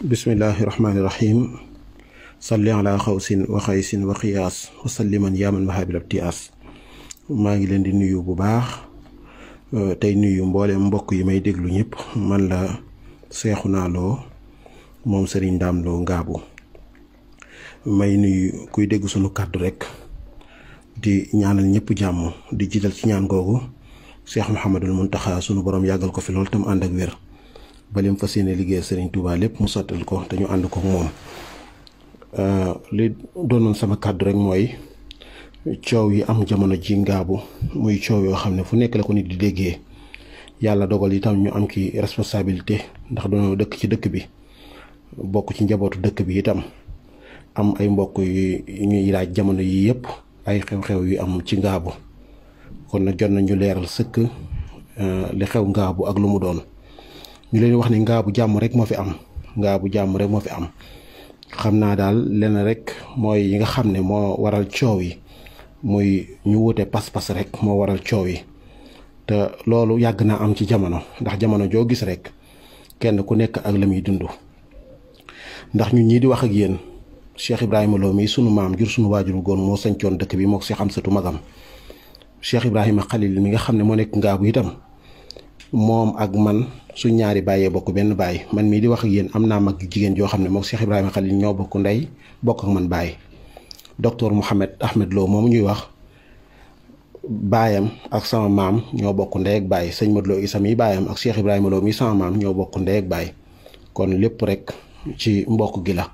bismillahi rahmaani rahim salli ala xawsin wa xaysin wa xiyaas wa salliman yaaman mahabilab tiyaas maa ngi leen di nuyu bu baax euh, tey nuyu mbooleem mbokk yi may déglu ñëpp man la seexu naa loo moom sëriñ Ndaam Lo Ngaabu may nuyu kuy dégg sunu kàddu rek di ñaanal ñëpp jàmm di jiital ci ñaan googu seex Muhammadul Muntaxa sunu borom yàggal ko fi lool tam ànd ak wér ba lim fas yéene liggéeyal sëriñ Touba lépp mu sottal ko te ñu ànd ko moom euh, li doonoon sama kàddu rek mooy coow yi am jamono ci ngaabu muy coow yoo xam ne fu nekk la ko nit di déggee yàlla dogal itam ñu am ci responsabilité ndax doonoo dëkk ci dëkk bi bokk ci njabootu dëkk bi itam am ay mbokk yu ñuy laaj jamono yii yëpp ay xew-xew yu am ci ngaabu kon nag jot nañu leeral sëkk euh, li xew ngaabu ak lu mu doon. ñu leen wax ni ngaa bu jàmm rek moo fi am ngaabu jàmm rek moo fi am xam naa daal lenn rek mooy yi nga xam ne moo waral coow yi muy ñu wute pas-pas rek moo waral coow yi te loolu yàgg naa am ci jamono ndax jamono joo gis rek kenn ku nekk ak la muy dund ndax ñu ñii di wax ak yéen Cheikh Ibrahima loo mii sunu maam jur sunu waajuru góor moo sañcoon dëkk bi mook xam Amsatu magam Cheikh Ibrahima Xalil mi nga xam ne moo nekk ngaabu itam moom ak man suñ ñaari bàyyee bokk benn bàyyi man mii di wax ak yéen am naa mag jigéen joo xam ne moom Cheikh Ibrahima Khalil ñoo bokk ndey bokk ak man bàyyi docteur Mouhamed Ahmed Lo moom ñuy wax baayam ak sama maam ñoo bokk ndey ak bàyyi sëñ Modou Lo Issa mii baayam ak Cheikh Ibrahima Lo mii sama maam ñoo bokk ndey ak bàyyi kon lépp rek ci mbokk gi la.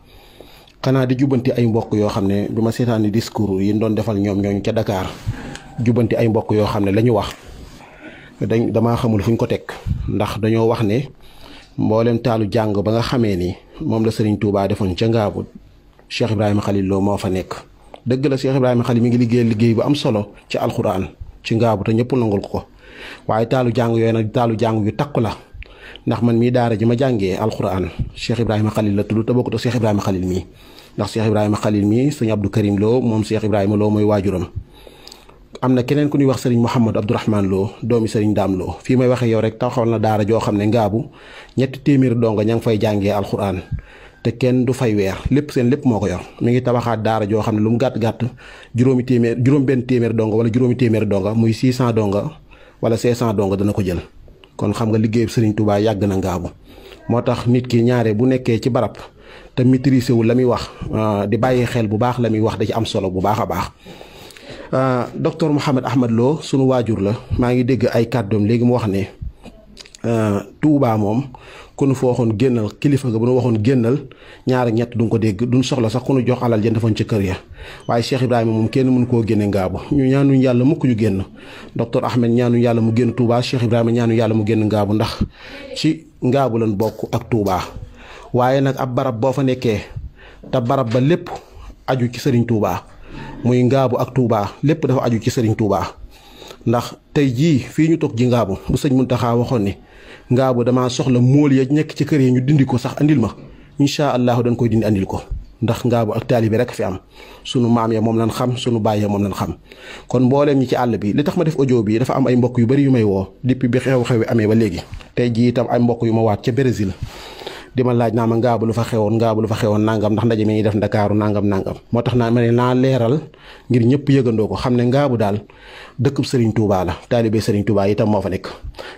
xanaa di jubbanti ay mbokk yoo xam ne bi ma seetaani discours yi ñu doon defal ñoom ñooñu ca dakaar jubbanti ay yoo xam ne la wax. dañ damaa xamul fu ñu ko teg ndax dañoo wax ne mboolem taalu jàng ba nga xamee nii moom la sëriñ tuubaa defoon ca Ngaabu Cheikh Ibrahima Khalil loo moo fa nekk dëgg la Cheikh Ibrahima Khalil mi ngi liggéey liggéey bu am solo ci alxuraan ci Ngaabu te ñëpp nangul ko waaye taalu jàng yooyu nag taalu jàng yu takku la ndax man mii daara ji ma jàngee alxuraan Cheikh Ibrahima Khalil la tudd te bokkut ak Cheikh Ibrahima Khalil mii ndax Cheikh Ibrahima Khalil mii sëñ Abdou Karim Lo moom Cheikh Ibrahima loo mooy waajuram. am na keneen ku ñuy wax sëriñ Mouhamadou Abdourahmane Lo doomi sëriñ Daam Lo fii may waxee yow rek taxawal na daara joo xam ne ngaabu ñetti téeméeri donga ña ngi fay jàngee alxuraan te kenn du fay weer lépp seen lépp moo ko yor mu ngi tabaxaat daara joo xam ne lu mu gàtt gàtt juróomi téeméer juróom benn téeméeri donga wala juróomi téeméeri donga muy 600 donga wala 500 donga dana ko jël kon xam nga liggéeyub sëriñ Touba yàgg na ngaabu moo tax nit ki ñaare bu nekkee ci barab te maîtriser wu la muy wax ah, di bàyyi xel bu baax la muy wax da ci am solo bu baax a baax Euh, docteur Mouhamed Ahmad loo sunu waajur la maa ngi dégg ay kàddoom léegi mu wax ne euh, Touba moom ku nu fa waxoon génnal kilifa nga bu nu waxoon génnal ñaar ñett duñ ko dégg duñ soxla sax ku nu jox alal jënd fañ ci kër ya waaye Cheikh Ibrahima moom kenn mënu koo génne ngaabu ñu ñaanuñ yàlla mukk ñu génn docteur Ahmed ñaanuñ yàlla mu génn Touba Cheikh Ibrahima ñaanuñ yàlla mu génn ngaabu ndax ci ngaabu lañ bokk ak Touba waaye nag ab barab boo fa nekkee te barab ba lépp aju ci Serigne Touba. muy ngaabu ak Touba lépp dafa aju ci sëriñ Touba ndax tey jii fii ñu toog ji ngaabu bu sëñ Muntaxa waxoon ni ngaabu damaa soxla mool ya nekk ci kër yi ñu dindi ko sax andil ma incha allahu dañ koy dindi andil ko ndax ngaabu ak taalibi rek fi am sunu maam ya moom lañ xam sunu baay ya moom lañ xam kon mbooleem ñi ci àll bi li tax ma def audio bii dafa am ay mbokk yu bari yu may woo depuis bi xew-xew bi amee ba léegi tey jii itam ay mbokk yu ma waat ca Brésil di ma laaj naa ma ngaabu lu fa xewoon ngaabu lu fa xewoon nangam ndax ndaje mi ñuy def ndakaaru nangam nangam moo tax naa ma ne naa leeral ngir ñëpp yëgandoo ko xam ne ngaabu daal dëkku Serigne Touba la taalibe Serigne Touba itam moo fa nekk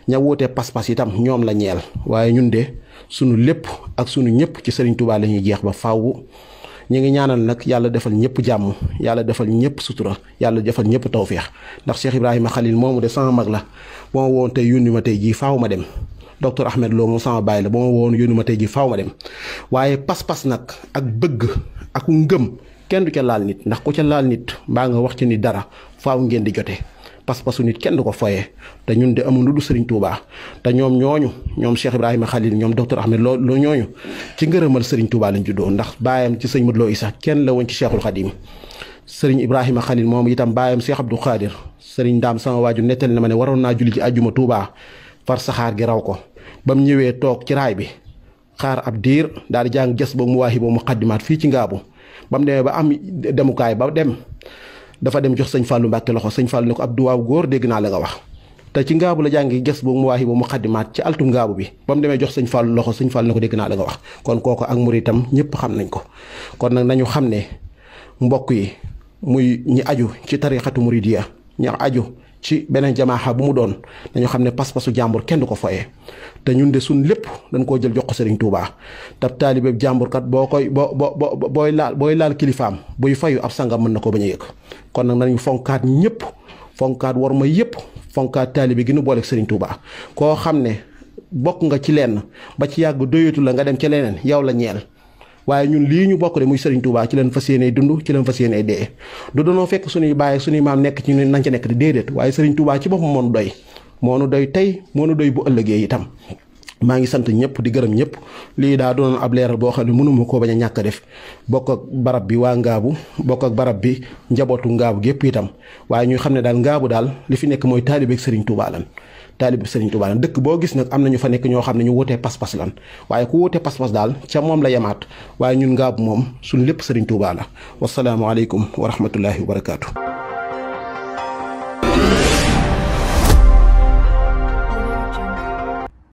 ña wuutee pas-pas itam ñoom la ñeel waaye ñun de sunu lépp ak sunu ñëpp ci Serigne Touba la jeex ba faaw ñu ngi ñaanal nag yàlla defal ñëpp jàmm yàlla defal ñëpp sutura yàlla defal ñëpp tawféex ndax Cheikh Ibrahima Khalil moomu de mag la boo woon tey yónni ma tey jii faaw ma dem docteur Ahmed Lo moom sama bàyyi la ba ma woon yónni ma tey ji faaw ma dem waaye pas-pas nag ak bëgg ak ngëm kenn du ca laal nit ndax ku ca laal nit mbaa nga wax ci ni dara faaw ngeen di jote pas-pasu nit kenn du ko foye te ñun de amul lu du sëriñ Touba te ñoom ñooñu ñoom Cheikh Ibrahima Khalil ñoom docteur Ahmed Lo Lo ñooñu ci ngërëmal Serigne Touba lañ juddoo ndax baayam ci sëñ Modou Lo Issa kenn la woon ci Cheikhul Khadim Serigne Ibrahima Khalil moom itam baayam Cheikh Abdou Khadir Serigne Daam sama waaju nettali na ma ne waroon naa julli ci àjjuma Touba far saxaar gi ko. ba mu ñëwee toog ci raay bi xaar ab diir daal di jàng jës ba mu waaxi ba mu xaddimaat fii ci ngaabu ba mu demee ba am demukaay ba dem dafa dem jox sëñ Fallou Mbacke loxo sëñ Fallou ne ko ab duwaaw góor dégg naa la nga wax. te ci ngaabu la jàngi ges boobu mu waaxi ba mu xaddimaat ci altum ngaabu bi ba mu demee jox sëñ Fallou loxo sëñ Fallou ne ko dégg naa la nga wax kon kooku ak muritam ñëpp xam nañ ko kon nag nañu xam ne mbokk yi muy ñi aju ci tarixatu muridiya ñi aju ci beneen jamaaxa bu mu doon dañu xam ne pas-pasu jàmbur kenn du ko foyee te ñun de suñ lépp dañ koo jël jox ko Serigne Touba tab taalibeeb jàmbur kat boo koy boo boo booy laal booy laal kilifaam buy fayu ab sangam mën na ko bañ a yëg kon nag nañu fonkaat ñëpp fonkaat war ma yëpp fonkaat taalibe gi nu booleeg Serigne Touba koo xam ne bokk nga ci lenn ba ci yàgg doyatu la nga dem ca leneen yow la ñeel. waaye ñun lii ñu bokk de muy Serigne Touba ci leen fas yéenee dund ci leen fas yéenee dee du doonoo fekk suñuy bàyyi suñuy maam nekk ci nañ ca nekk di déedéet waaye Serigne Touba ci boppam moo nu doy moo nu doy tey moo nu doy bu ëllëgee itam maa ngi sant ñëpp di gërëm ñëpp lii daa doon ab leeral boo xam ne mënuma koo bañ a ñàkk def bokk ak barab bi waa ngaabu bokk ak barab bi njabootu ngaabu gépp itam waaye ñuy xam ne daal ngaabu daal li fi nekk mooy taalibeeg Serigne Touba lan taalibe Serigne Touba lan dëkk boo gis nag am na ñu fa nekk ñoo xam ne ñu wutee pas-pas lan waaye ku wutee pas-pas daal ca moom la yemaat waaye ñun ngaabu moom suñu lépp Serigne Touba la wasalaamualeykum wa rahmatullahi wa barakaatu.